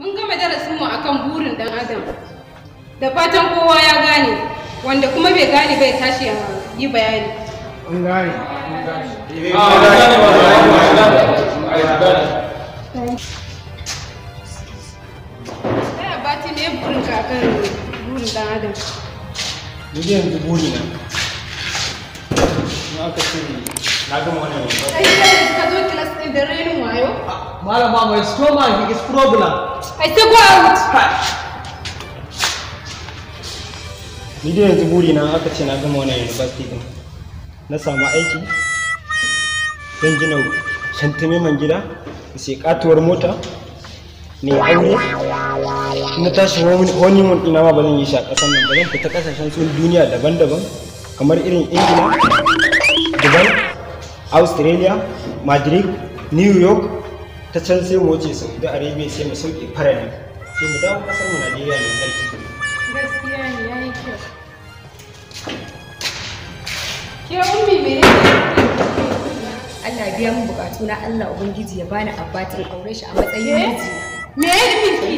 Mun gama darasinmu a kan burin ɗan adam. Da fatan kowa ya gane, wanda kuma bai gane bai tashi ya yi bayani. An gane. ne burin burin ɗan adam. Ni yanzu aka ce na gama Malama, my stomach is problem. I say go out. Ni dai yanzu buri na aka ce na gama wannan university din. Na samu aiki. Zan gina shantame man gida, sai katuwar mota, ne aure. Na tashi honeymoon ina ma ba zan yi shi a nan ba zan fita ƙasashen sun duniya daban-daban kamar irin Ingila, Dubai, Australia, Madrid, New York, ta can sai mu wuce saudi arabia sai mu sauke ne sai mu dawo kasar mu najeriya mai tsarki gaskiya ne ya yi kyau ke ummi me Allah biya mu bukatu na Allah ubangiji ya bani abbatin aure shi a matsayin miji me ya nufi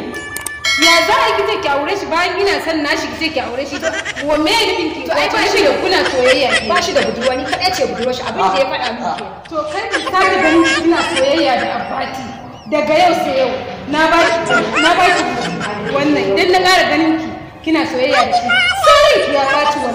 ya za a kike ki aure shi bayan ina san na shi ki aure shi to me ya nufi ki to ai ba shi da kuna soyayya ne. shi da faɗa min ah, ah. ke to kai ka da ganin ina soyayya da abati daga yau sai yau na ba na ba ki wannan idan na ƙara ganin ki kina soyayya da shi sai ya ɓaci